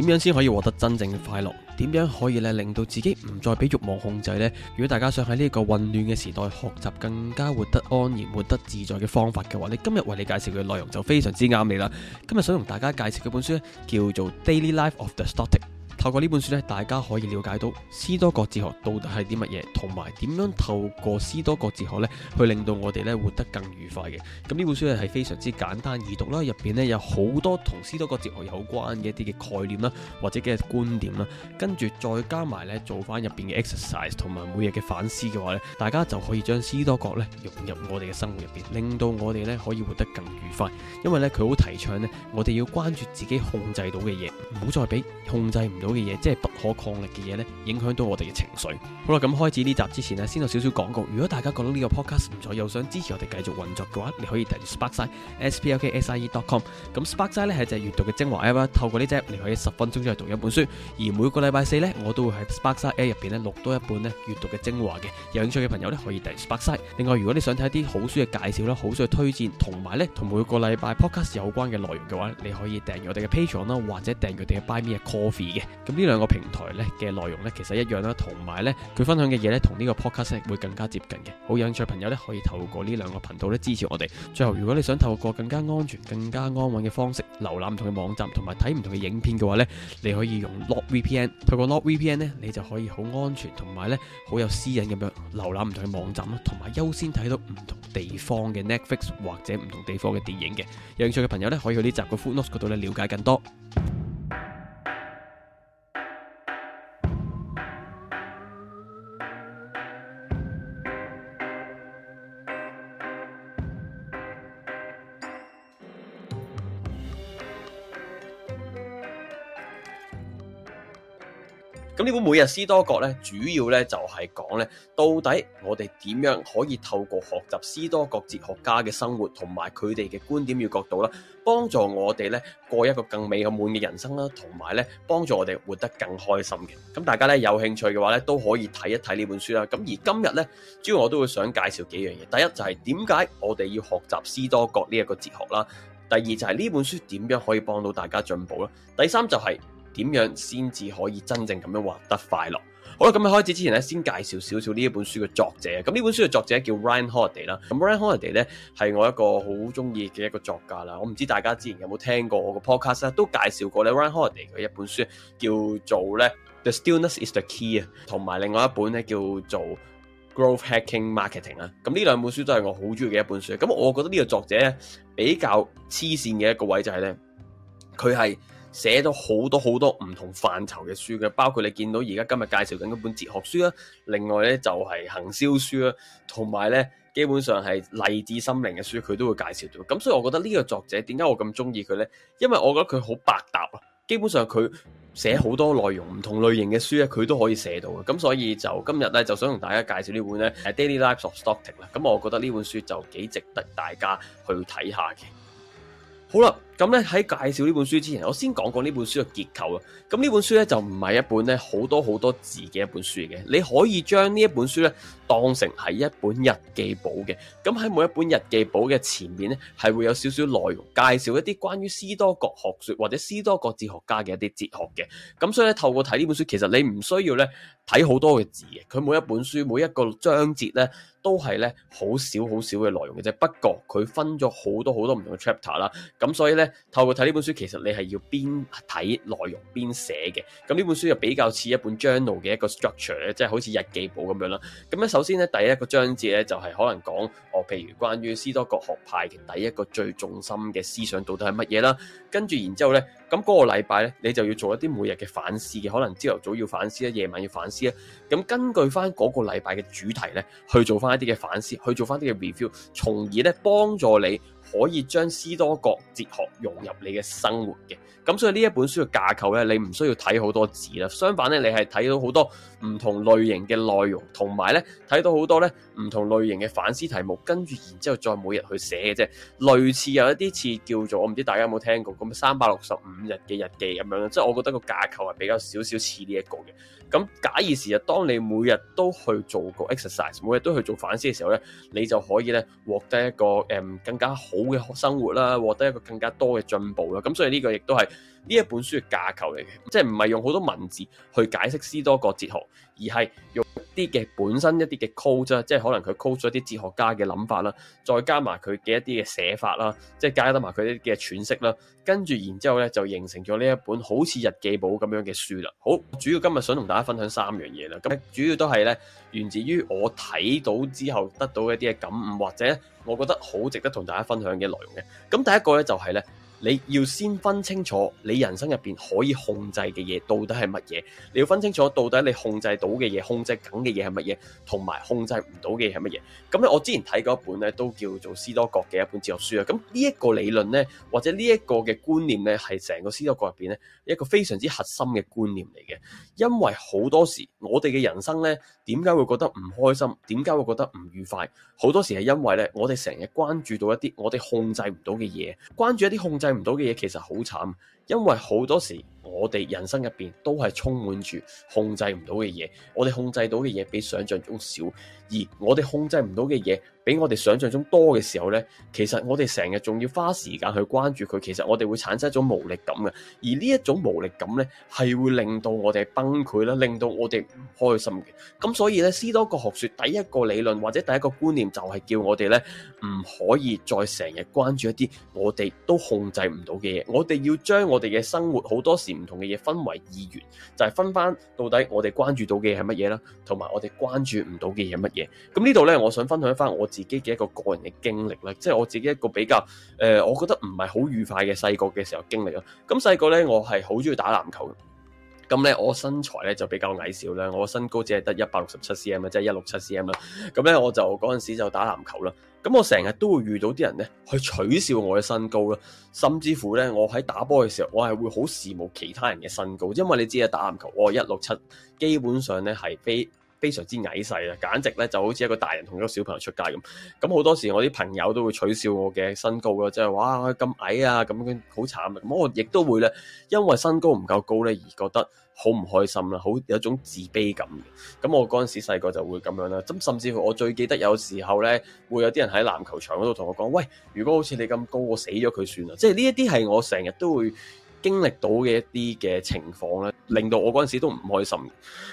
點樣先可以獲得真正嘅快樂？點樣可以咧令到自己唔再俾慾望控制呢？如果大家想喺呢個混亂嘅時代學習更加活得安然、活得自在嘅方法嘅話，呢今日為你介紹嘅內容就非常之啱你啦！今日想同大家介紹嘅本書叫做《Daily Life of the Stoic》。透過呢本書咧，大家可以了解到斯多葛哲學到底係啲乜嘢，同埋點樣透過斯多葛哲學咧，去令到我哋咧活得更愉快嘅。咁呢本書咧係非常之簡單易讀啦，入邊咧有好多同斯多葛哲學有關嘅一啲嘅概念啦，或者嘅觀點啦，跟住再加埋咧做返入邊嘅 exercise，同埋每日嘅反思嘅話咧，大家就可以將斯多葛咧融入我哋嘅生活入邊，令到我哋咧可以活得更愉快。因為咧佢好提倡咧，我哋要關注自己控制到嘅嘢，唔好再俾控制唔到。嘅嘢即係不可抗力嘅嘢咧，影響到我哋嘅情緒。好啦，咁開始呢集之前呢，先有少少廣告。如果大家覺得呢個 podcast 唔錯，又想支持我哋繼續運作嘅話，你可以訂閱 s p a r k s e spksey.com。咁 s p a r k s e 係就係閱讀嘅精華 app，透過呢隻你可以十分鐘之內讀一本書。而每個禮拜四呢，我都會喺 s p a r k s e app 入邊呢錄多一本咧閱讀嘅精華嘅。有興趣嘅朋友呢，可以訂閱 s p a r k s。另外，如果你想睇一啲好書嘅介紹啦、好書嘅推薦，同埋呢同每個禮拜 podcast 有關嘅內容嘅話，你可以訂閱我哋嘅 patron 啦，或者訂閱我哋嘅 buy me a coffee 嘅。咁呢兩個平台咧嘅內容咧其實一樣啦，同埋咧佢分享嘅嘢咧同呢個 podcast 會更加接近嘅。好，有興趣朋友咧可以透過呢兩個頻道咧支持我哋。最後，如果你想透過更加安全、更加安穩嘅方式瀏覽唔同嘅網站同埋睇唔同嘅影片嘅話咧，你可以用 Not VPN。透過 Not VPN 咧，你就可以好安全同埋咧好有私隱咁樣瀏覽唔同嘅網站咯，同埋優先睇到唔同地方嘅 Netflix 或者唔同地方嘅電影嘅。有興趣嘅朋友咧可以去呢集嘅 Footnotes 嗰度咧了解更多。呢本每日斯多格咧，主要咧就係講咧，到底我哋點樣可以透過學習斯多格哲學家嘅生活同埋佢哋嘅觀點與角度啦，幫助我哋咧過一個更美好滿嘅人生啦，同埋咧幫助我哋活得更開心嘅。咁大家咧有興趣嘅話咧，都可以睇一睇呢本書啦。咁而今日咧，主要我都會想介紹幾樣嘢。第一就係點解我哋要學習斯多格呢一個哲學啦。第二就係呢本書點樣可以幫到大家進步啦。第三就係、是。點樣先至可以真正咁樣獲得快樂？好啦，咁喺開始之前咧，先介紹少少呢一本書嘅作者。咁呢本書嘅作者叫 Ryan Holiday 啦。咁 Ryan Holiday 咧，係我一個好中意嘅一個作家啦。我唔知大家之前有冇聽過我個 podcast 咧，都介紹過咧 Ryan Holiday 嘅一本書叫做咧《The Stillness Is The Key》啊，同埋另外一本咧叫做《Growth Hacking Marketing》啊。咁呢兩本書都係我好中意嘅一本書。咁我覺得呢個作者咧比較黐線嘅一個位就係、是、咧，佢係。寫咗好多好多唔同範疇嘅書嘅，包括你見到而家今日介紹緊嗰本哲學書啦，另外呢，就係行銷書啦，同埋呢基本上係勵志心靈嘅書，佢都會介紹到。咁所以我覺得呢個作者點解我咁中意佢呢？因為我覺得佢好百搭啊，基本上佢寫好多內容唔同類型嘅書呢，佢都可以寫到嘅。咁所以就今日呢，就想同大家介紹呢本呢《Daily Life of Stoic》啦。咁我覺得呢本書就幾值得大家去睇下嘅。好啦。咁咧喺介紹呢本書之前，我先講講呢本書嘅結構啊。咁呢本書咧就唔係一本咧好多好多字嘅一本書嘅，你可以將呢一本書咧當成係一本日記簿嘅。咁喺每一本日記簿嘅前面咧，係會有少少內容介紹一啲關於斯多葛學說或者斯多葛哲學家嘅一啲哲學嘅。咁所以咧透過睇呢本書，其實你唔需要咧睇好多嘅字嘅。佢每一本書每一個章節咧都係咧好少好少嘅內容嘅啫。不過佢分咗好多好多唔同嘅 chapter 啦，咁所以咧。透過睇呢本書，其實你係要邊睇內容邊寫嘅。咁呢本書就比較似一本 journal 嘅一個 structure，即係好似日記簿咁樣啦。咁咧，首先咧，第一個章節咧就係可能講，哦，譬如關於斯多葛學派嘅第一個最重心嘅思想到底係乜嘢啦。跟住然之後咧，咁嗰個禮拜咧，你就要做一啲每日嘅反思嘅，可能朝頭早要反思啦，夜晚要反思啦。咁根據翻嗰個禮拜嘅主題咧，去做翻一啲嘅反思，去做翻啲嘅 review，從而咧幫助你。可以將斯多葛哲學融入你嘅生活嘅，咁所以呢一本書嘅架構呢，你唔需要睇好多字啦，相反呢，你係睇到好多唔同類型嘅內容，同埋呢睇到好多呢唔同類型嘅反思題目，跟住然之後再每日去寫嘅啫，類似有一啲似叫做，我唔知大家有冇聽過，咁三百六十五日嘅日記咁樣，即係我覺得個架構係比較少少似呢一個嘅。咁假以時日，當你每日都去做個 exercise，每日都去做反思嘅時候呢，你就可以呢獲得一個誒、嗯、更加好。好嘅生活啦，獲得一個更加多嘅進步啦，咁所以呢個亦都係。呢一本書嘅架構嚟嘅，即係唔係用好多文字去解釋斯多葛哲學，而係用啲嘅本身一啲嘅 code，即係可能佢 code 咗一啲哲學家嘅諗法啦，再加埋佢嘅一啲嘅寫法啦，即係加得埋佢啲嘅詮釋啦，跟住然之後咧就形成咗呢一本好似日記簿咁樣嘅書啦。好，主要今日想同大家分享三樣嘢啦，咁主要都係咧源自於我睇到之後得到一啲嘅感悟，或者我覺得好值得同大家分享嘅內容嘅。咁第一個咧就係咧。你要先分清楚你人生入邊可以控制嘅嘢到底係乜嘢，你要分清楚到底你控制到嘅嘢、控制緊嘅嘢係乜嘢，同埋控制唔到嘅嘢係乜嘢。咁咧，我之前睇過一本咧都叫做《斯多葛》嘅一本哲學書啊。咁呢一個理論咧，或者呢一個嘅觀念咧，係成個斯多葛入邊咧一個非常之核心嘅觀念嚟嘅。因為好多時我哋嘅人生咧，點解會覺得唔開心？點解會覺得唔愉快？好多時係因為咧，我哋成日關注到一啲我哋控制唔到嘅嘢，關注一啲控制。睇唔到嘅嘢其實好慘。因為好多時我哋人生入邊都係充滿住控制唔到嘅嘢，我哋控制到嘅嘢比想象中少，而我哋控制唔到嘅嘢比我哋想象中多嘅時候呢，其實我哋成日仲要花時間去關注佢，其實我哋會產生一種無力感嘅，而呢一種無力感呢，係會令到我哋崩潰啦，令到我哋唔開心嘅。咁所以呢，斯多葛學說第一個理論或者第一個觀念就係叫我哋呢唔可以再成日關注一啲我哋都控制唔到嘅嘢，我哋要將我我哋嘅生活好多時唔同嘅嘢分為二元，就係、是、分翻到底我哋關注到嘅嘢係乜嘢啦，同埋我哋關注唔到嘅嘢係乜嘢。咁呢度呢，我想分享翻我自己嘅一個個人嘅經歷啦，即、就、係、是、我自己一個比較誒、呃，我覺得唔係好愉快嘅細個嘅時候經歷咯。咁細個呢，我係好中意打籃球。咁咧，我身材咧就比較矮小啦，我身高只係得一百六十七 cm，即係一六七 cm 啦。咁我就嗰陣時就打籃球啦。咁我成日都會遇到啲人咧去取笑我嘅身高啦，甚至乎咧，我喺打波嘅時候，我係會好羨慕其他人嘅身高，因為你知啊，打籃球我一六七，基本上咧係非。非常之矮細啊，簡直咧就好似一個大人同一個小朋友出街咁。咁好多時我啲朋友都會取笑我嘅身高咯，即係，哇咁矮啊，咁好慘啊！咁我亦都會咧，因為身高唔夠高咧而覺得好唔開心啦，好有一種自卑感嘅。咁我嗰陣時細個就會咁樣啦。咁甚至乎我最記得有時候咧，會有啲人喺籃球場嗰度同我講：喂，如果好似你咁高，我死咗佢算啦！即係呢一啲係我成日都會。經歷到嘅一啲嘅情況咧，令到我嗰陣時都唔開心。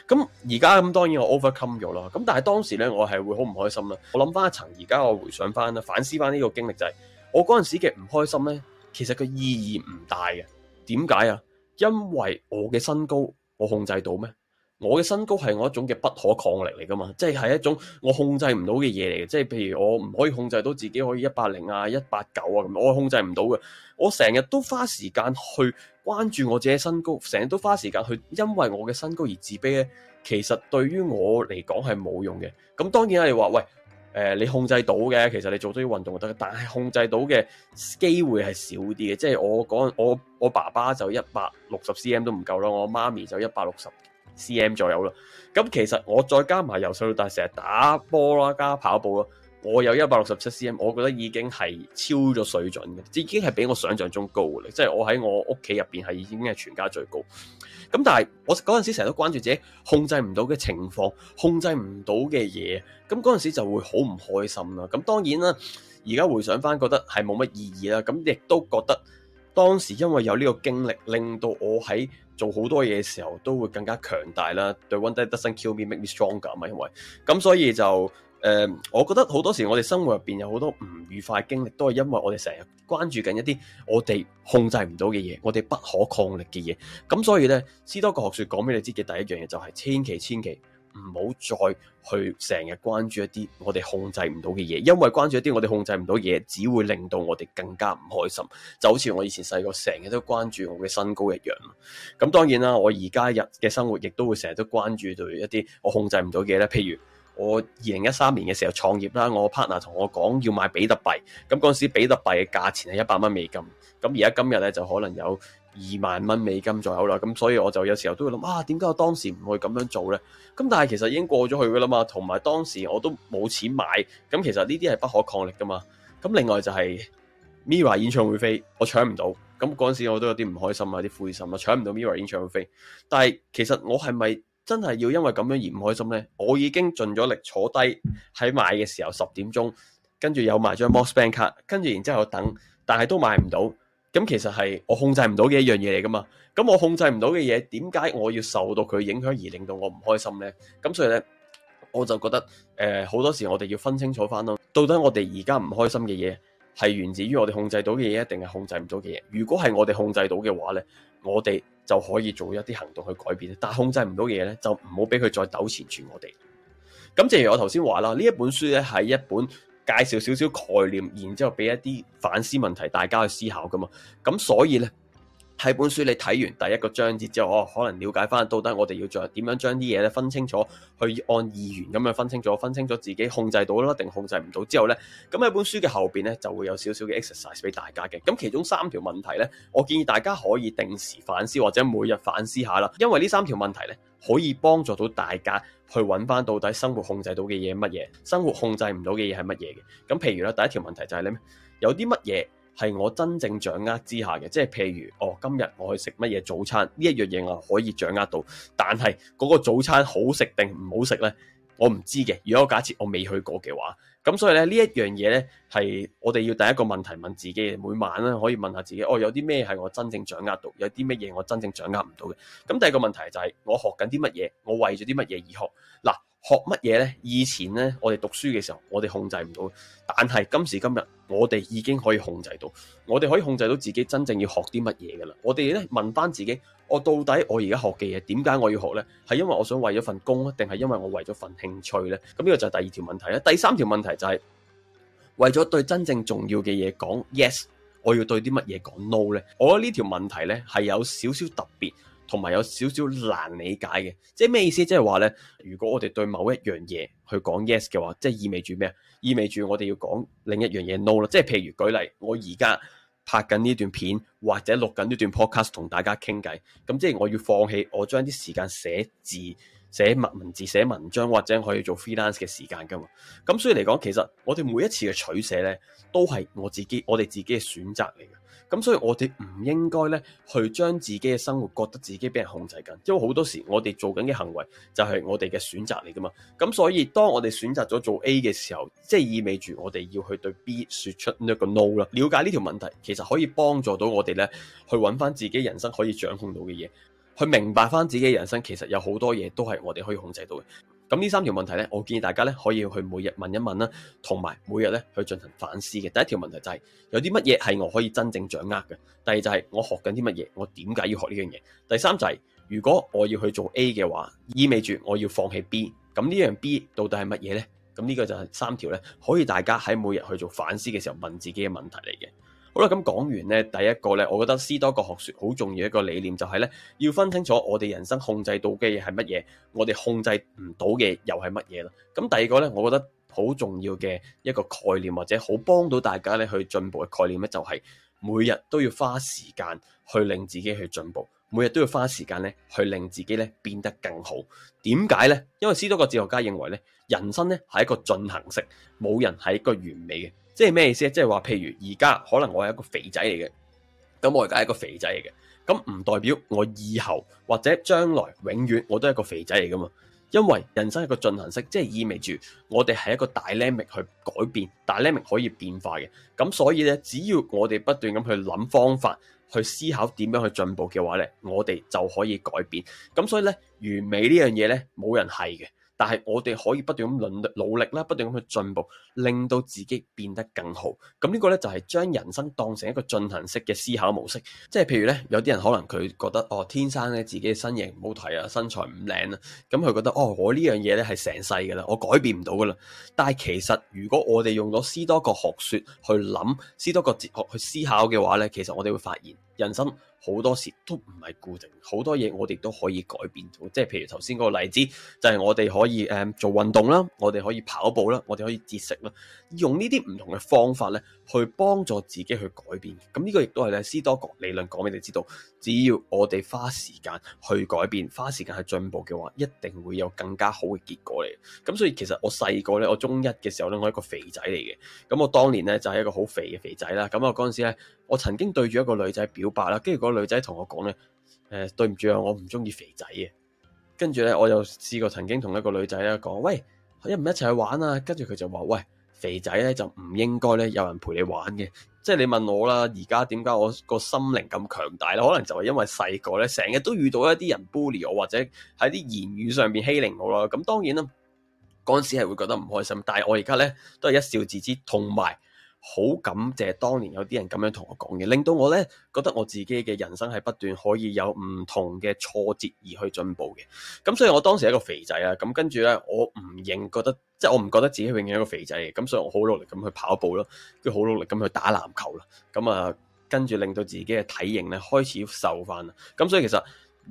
咁而家咁當然我 overcome 咗啦。咁但係當時咧，我係會好唔開心啦。我諗翻一層，而家我回想翻啦，反思翻呢個經歷就係，我嗰陣時嘅唔開心咧，其實佢意義唔大嘅。點解啊？因為我嘅身高我控制到咩？我嘅身高係我一種嘅不可抗力嚟噶嘛，即係係一種我控制唔到嘅嘢嚟嘅。即係譬如我唔可以控制到自己可以一百零啊，一百九啊，咁我控制唔到嘅。我成日都花時間去關注我自己身高，成日都花時間去，因為我嘅身高而自卑咧。其實對於我嚟講係冇用嘅。咁當然啦，你話喂誒、呃，你控制到嘅，其實你做多啲運動就得，但係控制到嘅機會係少啲嘅。即係我講我我爸爸就一百六十 cm 都唔夠啦，我媽咪就一百六十 cm 左右啦，咁其實我再加埋由細到大成日打波啦，加跑步啦。我有一百六十七 cm，我覺得已經係超咗水準嘅，已經係比我想象中高嘅，即係我喺我屋企入邊係已經係全家最高。咁但係我嗰陣時成日都關注自己控制唔到嘅情況，控制唔到嘅嘢，咁嗰陣時就會好唔開心啦。咁當然啦，而家回想返覺得係冇乜意義啦。咁亦都覺得當時因為有呢個經歷，令到我喺做好多嘢嘅時候，都會更加強大啦。對，one day doesn't kill me make me stronger 啊嘛，因為。咁所以就誒、呃，我覺得好多時我哋生活入邊有好多唔愉快嘅經歷，都係因為我哋成日關注緊一啲我哋控制唔到嘅嘢，我哋不可抗力嘅嘢。咁所以咧，斯多格學説講俾你知嘅第一樣嘢就係、是、千祈千祈。唔好再去成日關注一啲我哋控制唔到嘅嘢，因為關注一啲我哋控制唔到嘢，只會令到我哋更加唔開心。就好似我以前細個成日都關注我嘅身高一樣。咁當然啦，我而家日嘅生活亦都會成日都關注到一啲我控制唔到嘅嘢咧。譬如我二零一三年嘅時候創業啦，我 partner 同我講要買比特幣，咁嗰時比特幣嘅價錢係一百蚊美金，咁而家今日咧就可能有。二萬蚊美金左右啦，咁所以我就有時候都會諗啊，點解我當時唔會咁樣做呢？咁但係其實已經過咗去噶啦嘛，同埋當時我都冇錢買，咁其實呢啲係不可抗力噶嘛。咁另外就係 Mira 演唱會飛，我搶唔到，咁嗰陣時我都有啲唔開心啊，有啲灰心啊，搶唔到 Mira 演唱會飛。但係其實我係咪真係要因為咁樣而唔開心呢？我已經盡咗力坐低喺買嘅時候十點鐘，跟住有埋張 Mox Bank 卡，跟住然之後等，但係都買唔到。咁其實係我控制唔到嘅一樣嘢嚟噶嘛。咁我控制唔到嘅嘢，點解我要受到佢影響而令到我唔開心呢？咁所以呢，我就覺得誒，好多時我哋要分清楚翻咯。到底我哋而家唔開心嘅嘢，係源自於我哋控制到嘅嘢，定係控制唔到嘅嘢？如果係我哋控制到嘅話呢，我哋就可以做一啲行動去改變。但係控制唔到嘅嘢呢，就唔好俾佢再糾纏住我哋。咁正如我頭先話啦，呢一本書咧係一本。介紹少少概念，然之後俾一啲反思問題，大家去思考噶嘛。咁所以呢，喺本書你睇完第一個章節之後，哦，可能了解翻到底我哋要將點樣將啲嘢咧分清楚，去按二元咁樣分清楚，分清楚自己控制到咯，定控制唔到。之後呢，咁喺本書嘅後邊呢，就會有少少嘅 exercise 俾大家嘅。咁其中三條問題呢，我建議大家可以定時反思或者每日反思下啦，因為呢三條問題呢，可以幫助到大家。去揾翻到底生活控制到嘅嘢乜嘢，生活控制唔到嘅嘢係乜嘢嘅？咁譬如咧，第一條問題就係咧咩，有啲乜嘢係我真正掌握之下嘅？即係譬如哦，今日我去食乜嘢早餐呢一樣嘢我可以掌握到，但係嗰個早餐好食定唔好食咧？我唔知嘅，如果我假設我未去過嘅話，咁所以咧，呢這一樣嘢咧係我哋要第一個問題問自己，每晚可以問下自己，哦，有啲咩係我真正掌握到，有啲咩嘢我真正掌握唔到嘅。咁第二個問題就係我學緊啲乜嘢，我為咗啲乜嘢而學嗱。學乜嘢呢？以前呢，我哋讀書嘅時候，我哋控制唔到。但係今時今日，我哋已經可以控制到，我哋可以控制到自己真正要學啲乜嘢噶啦。我哋呢問翻自己：「我到底我而家學嘅嘢，點解我要學呢？係因為我想為咗份工，定係因為我為咗份興趣呢？」咁呢個就係第二條問題啦。第三條問題就係：為咗對真正重要嘅嘢講 yes，我要對啲乜嘢講 no 呢？我覺得呢條問題呢，係有少少特別。同埋有少少難理解嘅，即係咩意思？即係話咧，如果我哋對某一樣嘢去講 yes 嘅話，即係意味住咩啊？意味住我哋要講另一樣嘢 no 啦。即係譬如舉例，我而家拍緊呢段片或者錄緊呢段 podcast 同大家傾偈，咁即係我要放棄我將啲時間寫字。寫文字寫文章或者可以做 freelance 嘅時間噶嘛，咁所以嚟講，其實我哋每一次嘅取捨呢，都係我自己我哋自己嘅選擇嚟嘅。咁所以我哋唔應該呢去將自己嘅生活覺得自己俾人控制緊，因為好多時我哋做緊嘅行為就係我哋嘅選擇嚟噶嘛。咁所以當我哋選擇咗做 A 嘅時候，即係意味住我哋要去對 B 說出呢個 no 啦。了解呢條問題，其實可以幫助到我哋呢去揾翻自己人生可以掌控到嘅嘢。去明白返自己人生，其實有好多嘢都係我哋可以控制到嘅。咁呢三條問題呢，我建議大家呢，可以去每日問一問啦，同埋每日呢去進行反思嘅。第一條問題就係：有啲乜嘢係我可以真正掌握嘅；第二就係：我學緊啲乜嘢，我點解要學呢樣嘢；第三就係：如果我要去做 A 嘅話，意味住我要放棄 B。咁呢樣 B 到底係乜嘢呢？咁呢個就係三條呢，可以大家喺每日去做反思嘅時候問自己嘅問題嚟嘅。好啦，咁講完呢，第一個呢，我覺得斯多葛學說好重要一個理念就係呢：要分清楚我哋人生控制到嘅嘢係乜嘢，我哋控制唔到嘅又係乜嘢啦。咁第二個呢，我覺得好重要嘅一個概念或者好幫到大家去進步嘅概念呢，就係每日都要花時間去令自己去進步，每日都要花時間呢去令自己呢變得更好。點解呢？因為斯多葛哲學家認為呢，人生呢係一個進行式，冇人係一個完美嘅。即係咩意思？即係話，譬如而家可能我係一個肥仔嚟嘅。咁我而家係個肥仔嚟嘅，咁唔代表我以後或者將來永遠我都係一個肥仔嚟噶嘛？因為人生一個進行式，即係意味住我哋係一個大 l e 去改變，大 l e 可以變化嘅。咁所以咧，只要我哋不斷咁去諗方法，去思考點樣去進步嘅話咧，我哋就可以改變。咁所以咧，完美呢樣嘢咧，冇人係嘅。但係我哋可以不斷咁努力，啦，不斷咁去進步，令到自己變得更好。咁呢個呢，就係、是、將人生當成一個進行式嘅思考模式。即係譬如呢，有啲人可能佢覺得哦，天生咧自己嘅身形唔好睇啊，身材唔靚啊，咁、嗯、佢覺得哦，我呢樣嘢呢係成世噶啦，我改變唔到噶啦。但係其實如果我哋用咗斯多葛學說去諗，斯多葛哲學去思考嘅話呢，其實我哋會發現人生。好多時都唔係固定，好多嘢我哋都可以改變到。即係譬如頭先嗰個例子，就係誒我哋可以做運動啦，我哋可以跑步啦，我哋可以節食啦，用呢啲唔同嘅方法咧。去幫助自己去改變，咁呢個亦都係咧，斯多葛理論講俾你知道，只要我哋花時間去改變，花時間去進步嘅話，一定會有更加好嘅結果嚟。咁所以其實我細個咧，我中一嘅時候咧，我係一個肥仔嚟嘅，咁我當年咧就係一個好肥嘅肥仔啦。咁我嗰陣時咧，我曾經對住一個女仔表白啦，跟住個女仔同我講咧，誒、呃、對唔住啊，我唔中意肥仔嘅。跟住咧，我又試過曾經同一個女仔咧講，喂，一唔一齊去玩啊？跟住佢就話，喂。肥仔咧就唔應該咧有人陪你玩嘅，即係你問我啦，而家點解我個心靈咁強大咧？可能就係因為細個咧成日都遇到一啲人 bully 我，或者喺啲言語上面欺凌我啦。咁當然啦，嗰陣時係會覺得唔開心，但係我而家咧都係一笑置之，同埋。好感謝當年有啲人咁樣同我講嘅，令到我呢覺得我自己嘅人生係不斷可以有唔同嘅挫折而去進步嘅。咁所以我當時係一個肥仔啊，咁跟住呢，我唔認覺得，即係我唔覺得自己永遠一個肥仔嘅。咁所以我好努力咁去跑步咯，跟住好努力咁去打籃球啦。咁啊，跟住令到自己嘅體型呢開始瘦翻啦。咁所以其實。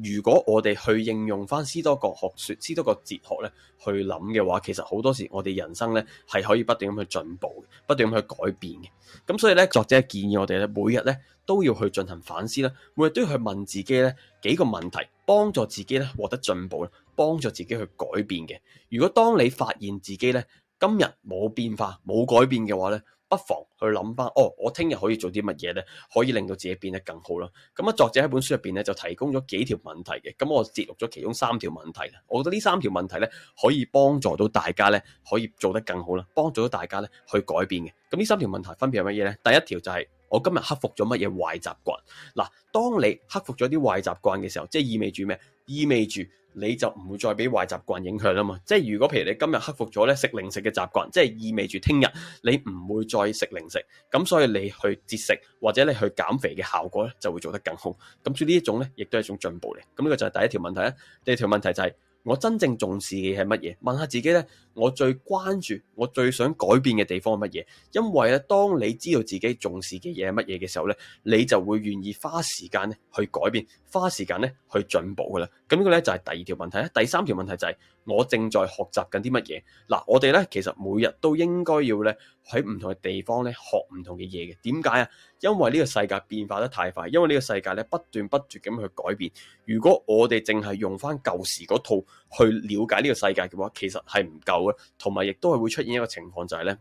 如果我哋去應用翻斯多葛學說，斯多葛哲學咧，去諗嘅話，其實好多時我哋人生咧係可以不斷咁去進步嘅，不斷咁去改變嘅。咁所以咧，作者建議我哋咧，每日咧都要去進行反思啦，每日都要去問自己咧幾個問題，幫助自己咧獲得進步，幫助自己去改變嘅。如果當你發現自己咧今日冇變化，冇改變嘅話咧。不妨去諗翻，哦，我聽日可以做啲乜嘢咧，可以令到自己變得更好啦。咁啊，作者喺本書入邊咧就提供咗幾條問題嘅，咁我截錄咗其中三條問題。我覺得呢三條問題咧，可以幫助到大家咧，可以做得更好啦，幫助到大家咧去改變嘅。咁呢三條問題分別係乜嘢咧？第一條就係我今日克服咗乜嘢壞習慣。嗱，當你克服咗啲壞習慣嘅時候，即係意味住咩？意味住你就唔會再俾壞習慣影響啦嘛，即係如果譬如你今日克服咗咧食零食嘅習慣，即係意味住聽日你唔會再食零食，咁所以你去節食或者你去減肥嘅效果咧就會做得更好，咁所以呢一種咧亦都係一種進步嚟，咁呢個就係第一條問題啦，啊。第二條問題就係、是、我真正重視嘅係乜嘢？問下自己咧，我最關注、我最想改變嘅地方係乜嘢？因為咧，當你知道自己重視嘅嘢係乜嘢嘅時候咧，你就會願意花時間咧去改變。花時間咧去進步噶啦，咁呢個咧就係第二條問題啦。第三條問題就係我正在學習緊啲乜嘢嗱。我哋咧其實每日都應該要咧喺唔同嘅地方咧學唔同嘅嘢嘅。點解啊？因為呢個世界變化得太快，因為呢個世界咧不斷不斷咁去改變。如果我哋淨係用翻舊時嗰套去了解呢個世界嘅話，其實係唔夠嘅，同埋亦都係會出現一個情況就係咧。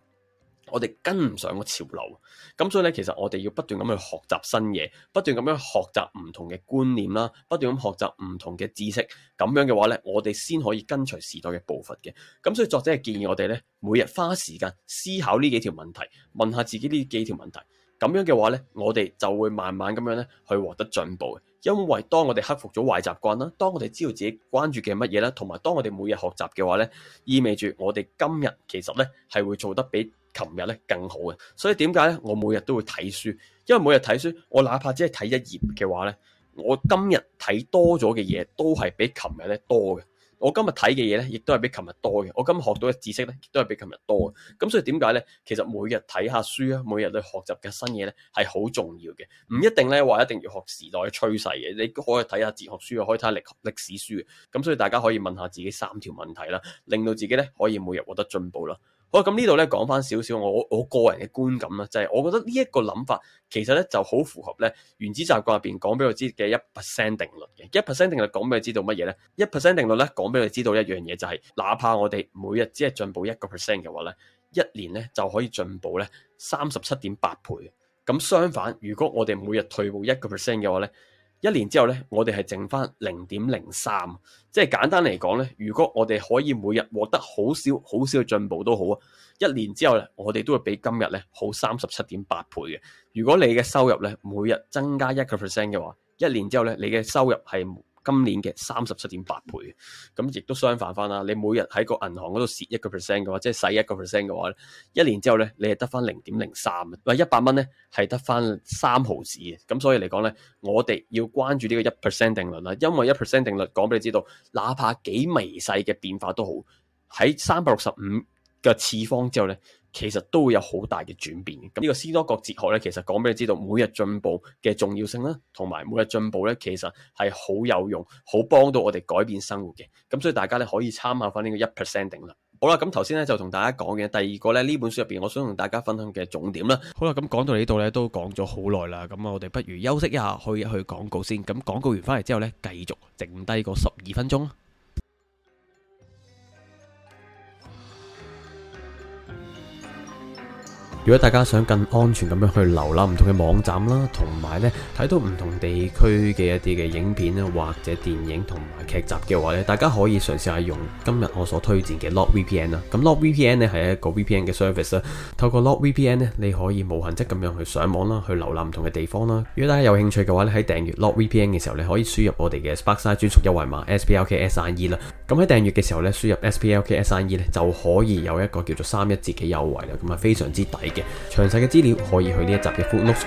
我哋跟唔上個潮流，咁所以咧，其實我哋要不斷咁去學習新嘢，不斷咁樣學習唔同嘅觀念啦，不斷咁學習唔同嘅知識，咁樣嘅話咧，我哋先可以跟隨時代嘅步伐嘅。咁所以作者係建議我哋咧，每日花時間思考呢幾條問題，問下自己呢幾條問題，咁樣嘅話咧，我哋就會慢慢咁樣咧去獲得進步嘅。因為當我哋克服咗壞習慣啦，當我哋知道自己關注嘅乜嘢啦，同埋當我哋每日學習嘅話咧，意味住我哋今日其實咧係會做得比琴日咧更好嘅，所以點解咧？我每日都會睇書，因為每日睇書，我哪怕只係睇一頁嘅話咧，我今日睇多咗嘅嘢都係比琴日咧多嘅。我今日睇嘅嘢咧，亦都係比琴日多嘅。我今日學到嘅知識咧，亦都係比琴日多嘅。咁所以點解咧？其實每日睇下書啊，每日都學習嘅新嘢咧，係好重要嘅。唔一定咧話一定要學時代嘅趨勢嘅，你可以睇下哲學書啊，可以睇下歷歷史書嘅。咁所以大家可以問下自己三條問題啦，令到自己咧可以每日獲得進步啦。好，咁呢度咧，講翻少少我我個人嘅觀感啦，就係、是、我覺得呢一個諗法，其實咧就好符合咧，原子習慣入邊講俾我知嘅一 percent 定律嘅。一 percent 定律講俾佢知道乜嘢咧？一 percent 定律咧講俾佢知道一樣嘢，就是，就係哪怕我哋每日只係進步一個 percent 嘅話咧，一年咧就可以進步咧三十七點八倍。咁相反，如果我哋每日退步一個 percent 嘅話咧，一年之後咧，我哋係剩返零點零三，即係簡單嚟講咧，如果我哋可以每日獲得好少好少嘅進步都好啊，一年之後咧，我哋都會比今日咧好三十七點八倍嘅。如果你嘅收入咧每日增加一個 percent 嘅話，一年之後咧你嘅收入係今年嘅三十七點八倍，咁亦都相反翻啦。你每日喺個銀行嗰度蝕一個 percent 嘅話，即係使一個 percent 嘅話，一年之後咧，你係得翻零點零三啊！一百蚊咧係得翻三毫子嘅。咁所以嚟講咧，我哋要關注呢個一 percent 定律啦。因為一 percent 定律講俾你知道，哪怕幾微細嘅變化都好，喺三百六十五嘅次方之後咧。其實都會有好大嘅轉變。咁呢個斯多葛哲學咧，其實講俾你知道每日進步嘅重要性啦，同埋每日進步咧，其實係好有用，好幫到我哋改變生活嘅。咁所以大家咧可以參考翻呢個一 percent 定律。好啦，咁頭先咧就同大家講嘅第二個咧呢本書入邊，我想同大家分享嘅重點啦。好啦，咁講到呢度咧都講咗好耐啦，咁我哋不如休息一下去一去廣告先。咁廣告完翻嚟之後咧，繼續剩低個十二分鐘。如果大家想更安全咁樣去瀏覽唔同嘅網站啦，同埋咧睇到唔同地區嘅一啲嘅影片啊，或者電影同埋劇集嘅話咧，大家可以嘗試下用今日我所推薦嘅 n o t VPN 啦。咁 n o t VPN 咧係一個 VPN 嘅 service 啦。透過 n o t VPN 咧，你可以無痕跡咁樣去上網啦，去瀏覽唔同嘅地方啦。如果大家有興趣嘅話咧，喺訂閱 n o t VPN 嘅時候，你可以輸入我哋嘅 Sparksie 專屬優惠碼 s p l k s i e 啦。咁喺訂閱嘅時候咧，輸入 s p l k s i e 咧就可以有一個叫做三一折嘅優惠啦，咁啊非常之抵。詳細嘅資料可以去呢一集嘅 full notes。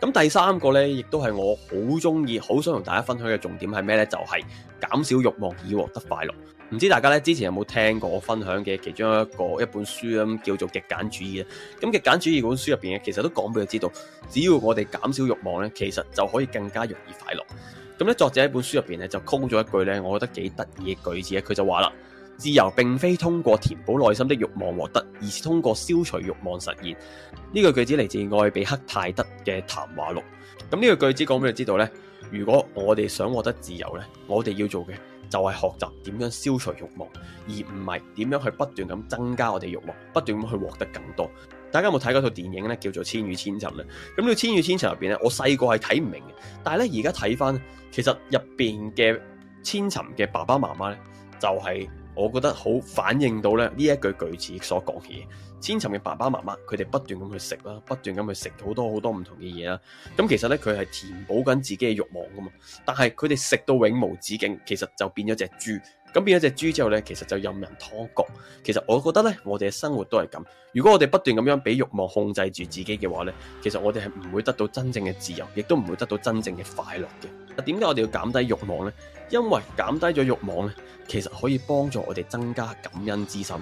咁第三個呢，亦都係我好中意、好想同大家分享嘅重點係咩呢？就係、是、減少欲望以獲得快樂。唔知大家呢，之前有冇聽過我分享嘅其中一個一本書咁叫做極簡主義呢？咁極簡主義本書入邊呢，其實都講俾佢知道，只要我哋減少欲望呢，其實就可以更加容易快樂。咁呢，作者喺本書入邊呢，就空咗一句呢，我覺得幾得意嘅句子，佢就話啦。.自由並非通過填補內心的欲望獲得，而是通過消除欲望實現。呢個句，句子嚟自愛比克泰德嘅談話錄。咁呢個句子講俾你知道呢，如果我哋想獲得自由呢，我哋要做嘅就係學習點樣消除欲望，而唔係點樣去不斷咁增加我哋欲望，不斷咁去獲得更多。大家有冇睇過套電影呢？叫做《千與千尋》呢。咁、這個《千與千尋》入邊呢，我細個係睇唔明嘅，但係呢，而家睇翻，其實入邊嘅千尋嘅爸爸媽媽呢，就係、是。我覺得好反映到咧呢一句句子所講嘅嘢，千尋嘅爸爸媽媽佢哋不斷咁去食啦，不斷咁去食好多好多唔同嘅嘢啦。咁其實呢，佢係填補緊自己嘅欲望噶嘛。但係佢哋食到永無止境，其實就變咗隻豬。咁變咗隻豬之後呢，其實就任人操控。其實我覺得呢，我哋嘅生活都係咁。如果我哋不斷咁樣俾欲望控制住自己嘅話呢，其實我哋係唔會得到真正嘅自由，亦都唔會得到真正嘅快樂嘅。點解我哋要減低欲望呢？因為減低咗欲望咧，其實可以幫助我哋增加感恩之心。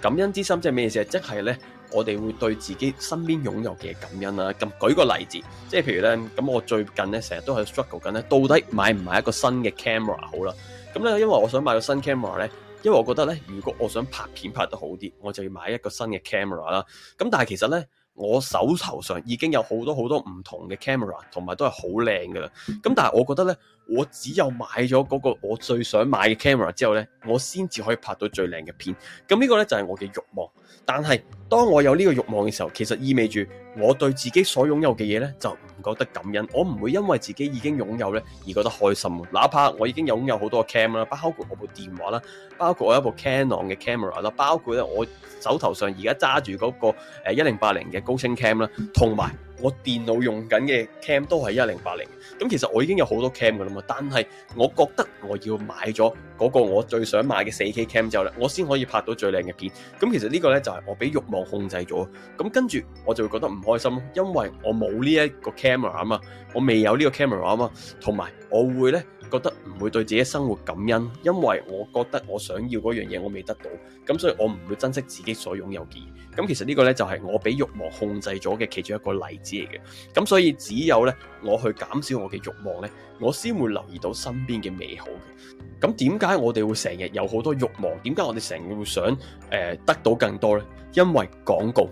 感恩之心即係咩意思？即係咧，我哋會對自己身邊擁有嘅感恩啦。咁舉個例子，即係譬如咧，咁我最近咧成日都係 struggle 緊咧，到底買唔買一個新嘅 camera 好啦？咁、嗯、咧，因為我想買個新 camera 咧，因為我覺得咧，如果我想拍片拍得好啲，我就要買一個新嘅 camera 啦。咁、嗯、但係其實咧，我手頭上已經有好多好多唔同嘅 camera，同埋都係好靚噶啦。咁、嗯、但係我覺得咧。我只有買咗嗰個我最想買嘅 camera 之後呢，我先至可以拍到最靚嘅片。咁呢個呢，就係我嘅慾望。但係當我有呢個慾望嘅時候，其實意味住我對自己所擁有嘅嘢呢，就唔覺得感恩。我唔會因為自己已經擁有呢而覺得開心。哪怕我已經擁有好多 camera 啦，包括我部電話啦，包括我一部 Canon 嘅 camera 啦，包括咧我手頭上而家揸住嗰個誒一零八零嘅高清 cam 啦，同埋。我電腦用緊嘅 cam 都係一零八零，咁其實我已經有好多 cam 㗎啦嘛，但係我覺得我要買咗嗰個我最想買嘅 4K cam 之後咧，我先可以拍到最靚嘅片。咁其實呢個咧就係我俾慾望控制咗，咁跟住我就會覺得唔開心，因為我冇呢一個 camera 啊嘛，我未有呢個 camera 啊嘛，同埋我會咧。覺得唔會對自己生活感恩，因為我覺得我想要嗰樣嘢我未得到，咁所以我唔會珍惜自己所擁有嘅嘢。咁其實呢個呢，就係我俾慾望控制咗嘅其中一個例子嚟嘅。咁所以只有呢，我去減少我嘅慾望呢，我先會留意到身邊嘅美好嘅。咁點解我哋會成日有好多慾望？點解我哋成日會想誒得到更多呢？因為廣告。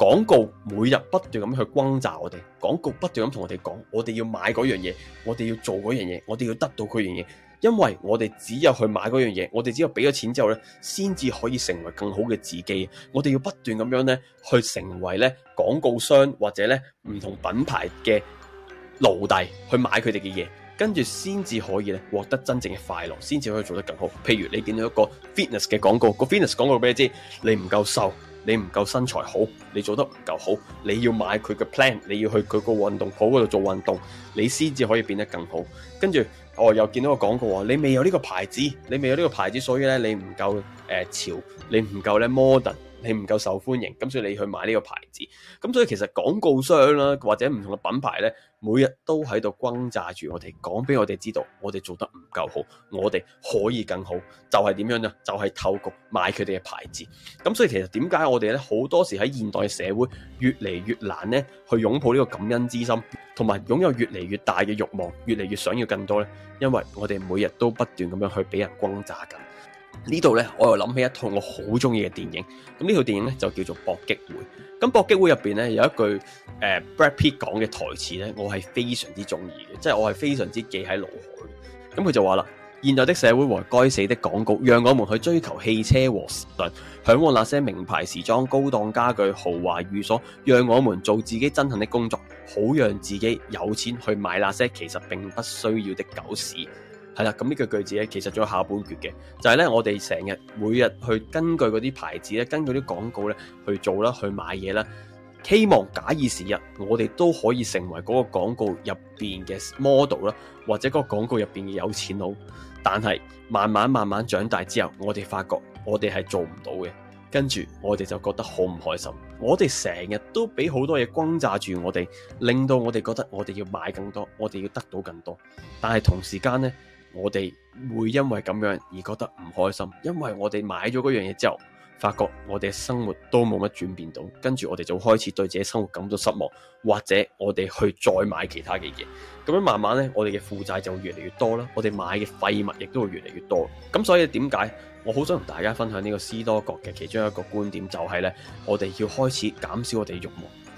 廣告每日不斷咁去轟炸我哋，廣告不斷咁同我哋講，我哋要買嗰樣嘢，我哋要做嗰樣嘢，我哋要得到嗰樣嘢，因為我哋只有去買嗰樣嘢，我哋只有俾咗錢之後呢，先至可以成為更好嘅自己。我哋要不斷咁樣呢去成為呢廣告商或者呢唔同品牌嘅奴隸去買佢哋嘅嘢，跟住先至可以呢獲得真正嘅快樂，先至可以做得更好。譬如你見到一個 fitness 嘅廣告，個 fitness 廣告俾你知，你唔夠瘦。你唔夠身材好，你做得唔夠好，你要買佢嘅 plan，你要去佢個運動鋪嗰度做運動，你先至可以變得更好。跟住，我又見到個廣告話，你未有呢個牌子，你未有呢個牌子，所以呢，你唔夠誒潮，你唔夠咧 modern，你唔夠受歡迎，咁所以你去買呢個牌子。咁所以其實廣告商啦、啊，或者唔同嘅品牌呢。每日都喺度轟炸住我哋，講俾我哋知道，我哋做得唔夠好，我哋可以更好，就係點樣啊？就係透過買佢哋嘅牌子。咁所以其實點解我哋咧好多時喺現代社會越嚟越難去擁抱呢個感恩之心，同埋擁有越嚟越大嘅欲望，越嚟越想要更多呢？因為我哋每日都不斷咁樣去俾人轟炸緊。呢度呢，我又諗起一套我好中意嘅電影。咁呢套電影呢，就叫做《搏擊會》。咁《搏擊會》入邊呢，有一句誒、呃、Brad Pitt 講嘅台詞呢，我係非常之中意嘅，即、就、係、是、我係非常之記喺腦海。咁佢就話啦：現在的社會和該死的廣告，讓我們去追求汽車和時代，向往那些名牌時裝、高檔家具、豪華寓所，讓我們做自己憎恨的工作，好讓自己有錢去買那些其實並不需要的狗屎。係啦，咁呢句句子咧，其實仲有下半句嘅，就係咧，我哋成日每日去根據嗰啲牌子咧，根據啲廣告咧去做啦，去買嘢啦，希望假以時日，我哋都可以成為嗰個廣告入邊嘅 model 啦，或者嗰個廣告入邊嘅有錢佬。但係慢慢慢慢長大之後，我哋發覺我哋係做唔到嘅，跟住我哋就覺得好唔開心。我哋成日都俾好多嘢轟炸住我哋，令到我哋覺得我哋要買更多，我哋要得到更多。但係同時間呢，我哋會因為咁樣而覺得唔開心，因為我哋買咗嗰樣嘢之後，發覺我哋嘅生活都冇乜轉變到，跟住我哋就開始對自己生活感到失望，或者我哋去再買其他嘅嘢，咁樣慢慢呢，我哋嘅負債就越嚟越多啦，我哋買嘅廢物亦都會越嚟越多，咁所以點解我好想同大家分享呢個斯多葛嘅其中一個觀點，就係呢：我哋要開始減少我哋嘅欲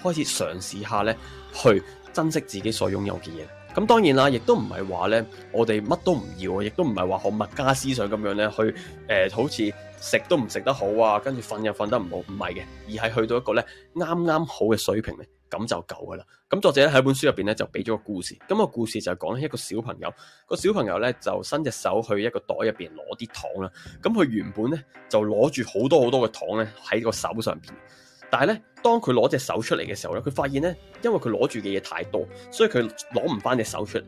望，開始嘗試下呢去珍惜自己所擁有嘅嘢。咁當然啦，亦都唔係話咧，我哋乜都唔要，亦都唔係話學物家思想咁樣咧，去誒、呃、好似食都唔食得好啊，跟住瞓又瞓得唔好，唔係嘅，而係去到一個咧啱啱好嘅水平咧，咁就夠噶啦。咁、嗯、作者咧喺本書入邊咧就俾咗個故事，咁、個故事就講咧一個小朋友，個小朋友咧就伸隻手去一個袋入邊攞啲糖啦。咁佢原本咧就攞住好多好多嘅糖咧喺個手上邊。但係咧，當佢攞隻手出嚟嘅時候咧，佢發現咧，因為佢攞住嘅嘢太多，所以佢攞唔翻隻手出嚟。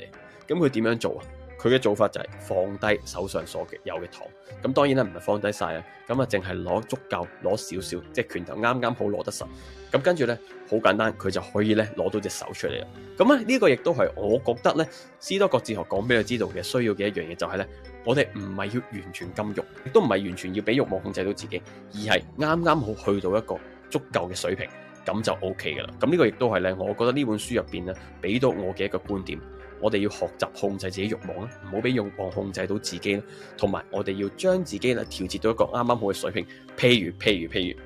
咁佢點樣做啊？佢嘅做法就係放低手上所有嘅糖。咁當然咧，唔係放低晒啊。咁啊，淨係攞足夠，攞少少，即係拳頭啱啱好攞得實。咁跟住咧，好簡單，佢就可以咧攞到隻手出嚟。咁咧，呢個亦都係我覺得咧，斯多葛哲學講俾佢知道嘅需要嘅一樣嘢，就係咧，我哋唔係要完全禁慾，亦都唔係完全要俾慾望控制到自己，而係啱啱好去到一個。足夠嘅水平，咁就 O K 噶啦。咁呢個亦都係咧，我覺得呢本書入邊咧，俾到我嘅一個觀點，我哋要學習控制自己欲望咧，唔好俾欲望控制到自己咧。同埋，我哋要將自己咧調節到一個啱啱好嘅水平。譬如，譬如，譬如，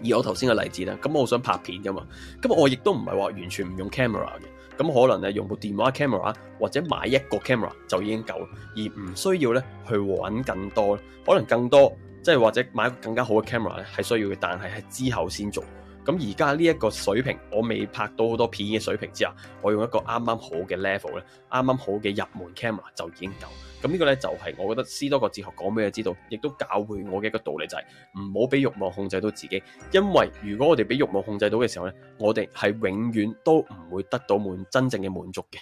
以我頭先嘅例子啦，咁我想拍片噶嘛，咁我亦都唔係話完全唔用 camera 嘅，咁可能咧用部電話 camera 或者買一個 camera 就已經夠啦，而唔需要咧去揾更多，可能更多。即係或者買一個更加好嘅 camera 咧，係需要嘅，但係係之後先做咁。而家呢一個水平，我未拍到好多片嘅水平之下，我用一個啱啱好嘅 level 咧，啱啱好嘅入門 camera 就已經有。咁。呢個呢，就係、是、我覺得斯多葛哲學講俾我知道，亦都教會我嘅一個道理就係唔好俾欲望控制到自己，因為如果我哋俾欲望控制到嘅時候呢，我哋係永遠都唔會得到滿真正嘅滿足嘅。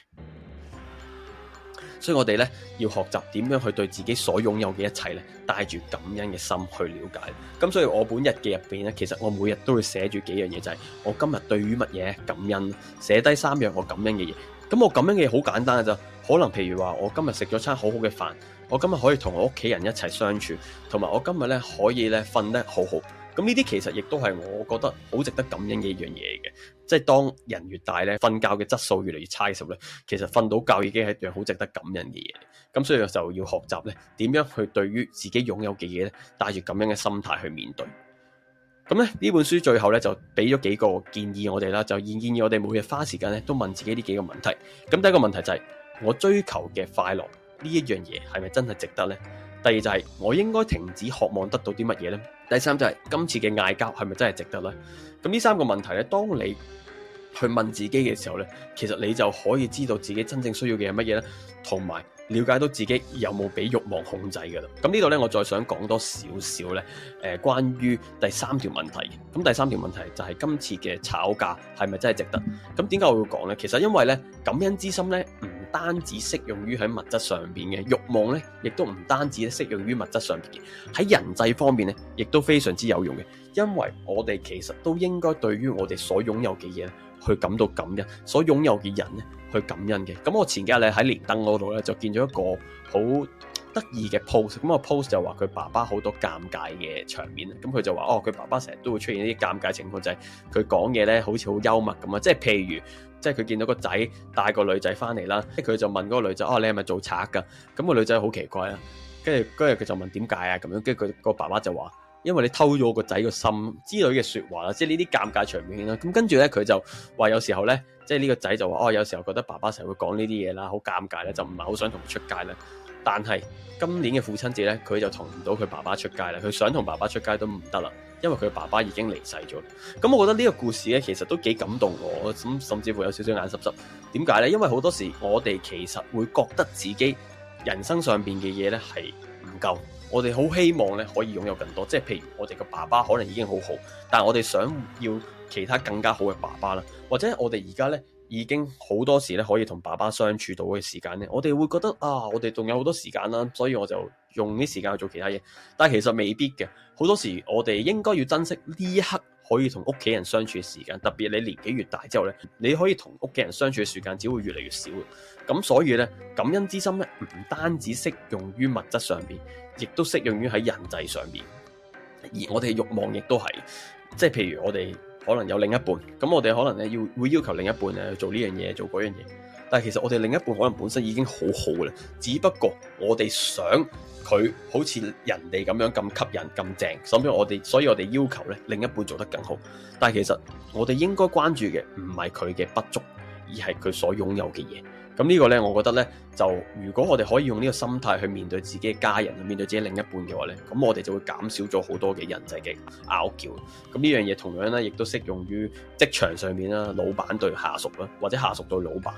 所以我哋咧要學習點樣去對自己所擁有嘅一切咧，帶住感恩嘅心去了解。咁所以我本日記入邊咧，其實我每日都會寫住幾樣嘢，就係我今日對於乜嘢感恩，寫低三樣我感恩嘅嘢。咁我感恩嘅嘢好簡單嘅，就可能譬如話我今日食咗餐好好嘅飯，我今日可以同我屋企人一齊相處，同埋我今日咧可以咧瞓得好好。咁呢啲其實亦都係我覺得好值得感恩嘅一樣嘢嚟嘅，即係當人越大咧，瞓覺嘅質素越嚟越差嘅時候咧，其實瞓到覺已經係一樣好值得感恩嘅嘢。咁所以我就要學習咧，點樣去對於自己擁有嘅嘢咧，帶住咁樣嘅心態去面對。咁咧呢本書最後咧就俾咗幾個建議我哋啦，就建議我哋每日花時間咧都問自己呢幾個問題。咁第一個問題就係：我追求嘅快樂呢一樣嘢係咪真係值得呢？第二就係：我應該停止渴望得到啲乜嘢呢？第三就係、是、今次嘅嗌交係咪真係值得呢？咁呢三個問題呢，當你去問自己嘅時候呢，其實你就可以知道自己真正需要嘅係乜嘢咧，同埋。了解到自己有冇俾欲望控制嘅啦。咁呢度呢，我再想講多少少呢，誒、呃，關於第三條問題。咁第三條問題就係今次嘅炒價係咪真係值得？咁點解我要講呢？其實因為呢，感恩之心呢，唔單止適用於喺物質上邊嘅欲望呢，亦都唔單止適用於物質上邊嘅。喺人際方面呢，亦都非常之有用嘅。因為我哋其實都應該對於我哋所擁有嘅嘢去感到感恩，所擁有嘅人呢。去感恩嘅，咁我前幾日咧喺連登嗰度咧就見咗一個好得意嘅 post，咁個 post 就話佢爸爸好多尷尬嘅場面，咁佢就話哦，佢爸爸成日都會出現一啲尷尬情況，就係佢講嘢咧好似好幽默咁、哦那個、啊，即係譬如即係佢見到個仔帶個女仔翻嚟啦，即係佢就問嗰個女仔哦，你係咪做賊噶？咁個女仔好奇怪啊，跟住跟住佢就問點解啊咁樣，跟住佢個爸爸就話。因為你偷咗個仔個心之類嘅說話啦，即係呢啲尷尬場面啦。咁跟住呢，佢就話有時候呢，即係呢個仔就話哦，有時候覺得爸爸成日會講呢啲嘢啦，好尷尬啦，就唔係好想同佢出街啦。但係今年嘅父親節呢，佢就同唔到佢爸爸出街啦。佢想同爸爸出街都唔得啦，因為佢爸爸已經離世咗。咁我覺得呢個故事呢，其實都幾感動我。我咁甚至乎有少少眼濕濕。點解呢？因為好多時我哋其實會覺得自己人生上邊嘅嘢呢，係唔夠。我哋好希望咧可以擁有更多，即係譬如我哋個爸爸可能已經好好，但係我哋想要其他更加好嘅爸爸啦。或者我哋而家咧已經好多時咧可以同爸爸相處到嘅時間咧，我哋會覺得啊，我哋仲有好多時間啦，所以我就用啲時間去做其他嘢。但係其實未必嘅，好多時我哋應該要珍惜呢一刻可以同屋企人相處嘅時間。特別你年紀越大之後咧，你可以同屋企人相處嘅時間只會越嚟越少嘅。咁所以咧，感恩之心咧唔單止適用於物質上面。亦都適用於喺人際上面。而我哋嘅欲望亦都係，即係譬如我哋可能有另一半，咁我哋可能咧要會要求另一半咧做呢樣嘢做嗰樣嘢，但係其實我哋另一半可能本身已經好好啦，只不過我哋想佢好似人哋咁樣咁吸引咁正，所以我哋所以我哋要求咧另一半做得更好，但係其實我哋應該關注嘅唔係佢嘅不足，而係佢所擁有嘅嘢。咁呢個呢，我覺得呢，就如果我哋可以用呢個心態去面對自己嘅家人，去面對自己另一半嘅話呢，咁我哋就會減少咗好多嘅人際嘅拗撬。咁呢樣嘢同樣呢，亦都適用於職場上面啦，老闆對下屬啦，或者下屬對老闆。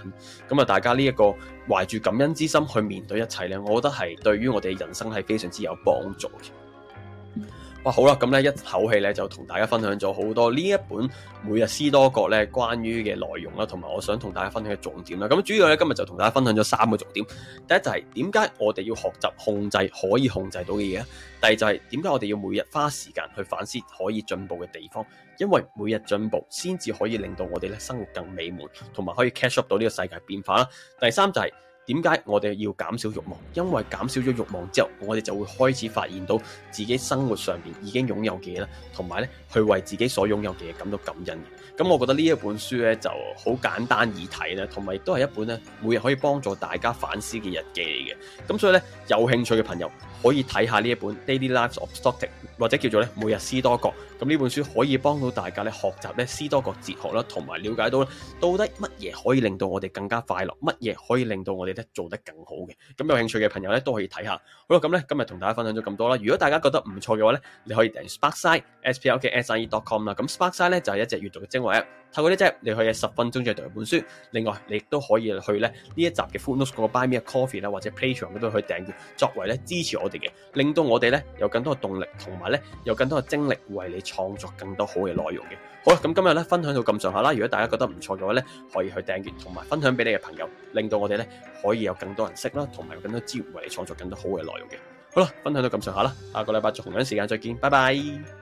咁啊，大家呢、這、一個懷住感恩之心去面對一切呢，我覺得係對於我哋人生係非常之有幫助嘅。好啦，咁咧一口氣咧就同大家分享咗好多呢一本每日斯多葛咧關於嘅內容啦，同埋我想同大家分享嘅重點啦。咁主要咧今日就同大家分享咗三個重點。第一就係點解我哋要學習控制可以控制到嘅嘢啊？第二就係點解我哋要每日花時間去反思可以進步嘅地方，因為每日進步先至可以令到我哋咧生活更美滿，同埋可以 catch up 到呢個世界變化啦。第三就係、是。點解我哋要減少欲望？因為減少咗欲望之後，我哋就會開始發現到自己生活上面已經擁有嘅嘢啦，同埋咧去為自己所擁有嘅嘢感到感恩嘅。咁我覺得呢一本書咧就好簡單易睇啦，同埋都係一本咧每日可以幫助大家反思嘅日記嚟嘅。咁所以咧有興趣嘅朋友可以睇下呢一本 Daily Life of Stoic 或者叫做咧每日斯多葛。咁呢本書可以幫到大家咧學習咧斯多葛哲學啦，同埋了解到咧到底乜嘢可以令到我哋更加快樂，乜嘢可以令到我哋咧做得更好嘅。咁有興趣嘅朋友咧都可以睇下。好啦，咁咧今日同大家分享咗咁多啦。如果大家覺得唔錯嘅話咧，你可以訂閱 Sparkside s p l k s i e dot com 啦。咁 Sparkside 就係、是、一隻閱讀嘅精華 App，透過呢隻你可以喺十分鐘之內讀完本書。另外你亦都可以去咧呢一集嘅 footnotes 個 Buy Me A Coffee 啦，或者 Patreon 嗰度去訂閱，作為咧支持我哋嘅，令到我哋咧有更多嘅動力，同埋咧有更多嘅精力為你，創作更多好嘅內容嘅。好啦，咁今日分享到咁上下啦，如果大家覺得唔錯嘅話呢，可以去訂閱同埋分享俾你嘅朋友，令到我哋呢，可以有更多人認識啦，同埋更多支援為你創作更多好嘅內容嘅。好啦，分享到咁上下啦，下個禮拜再同樣時間再見，拜拜。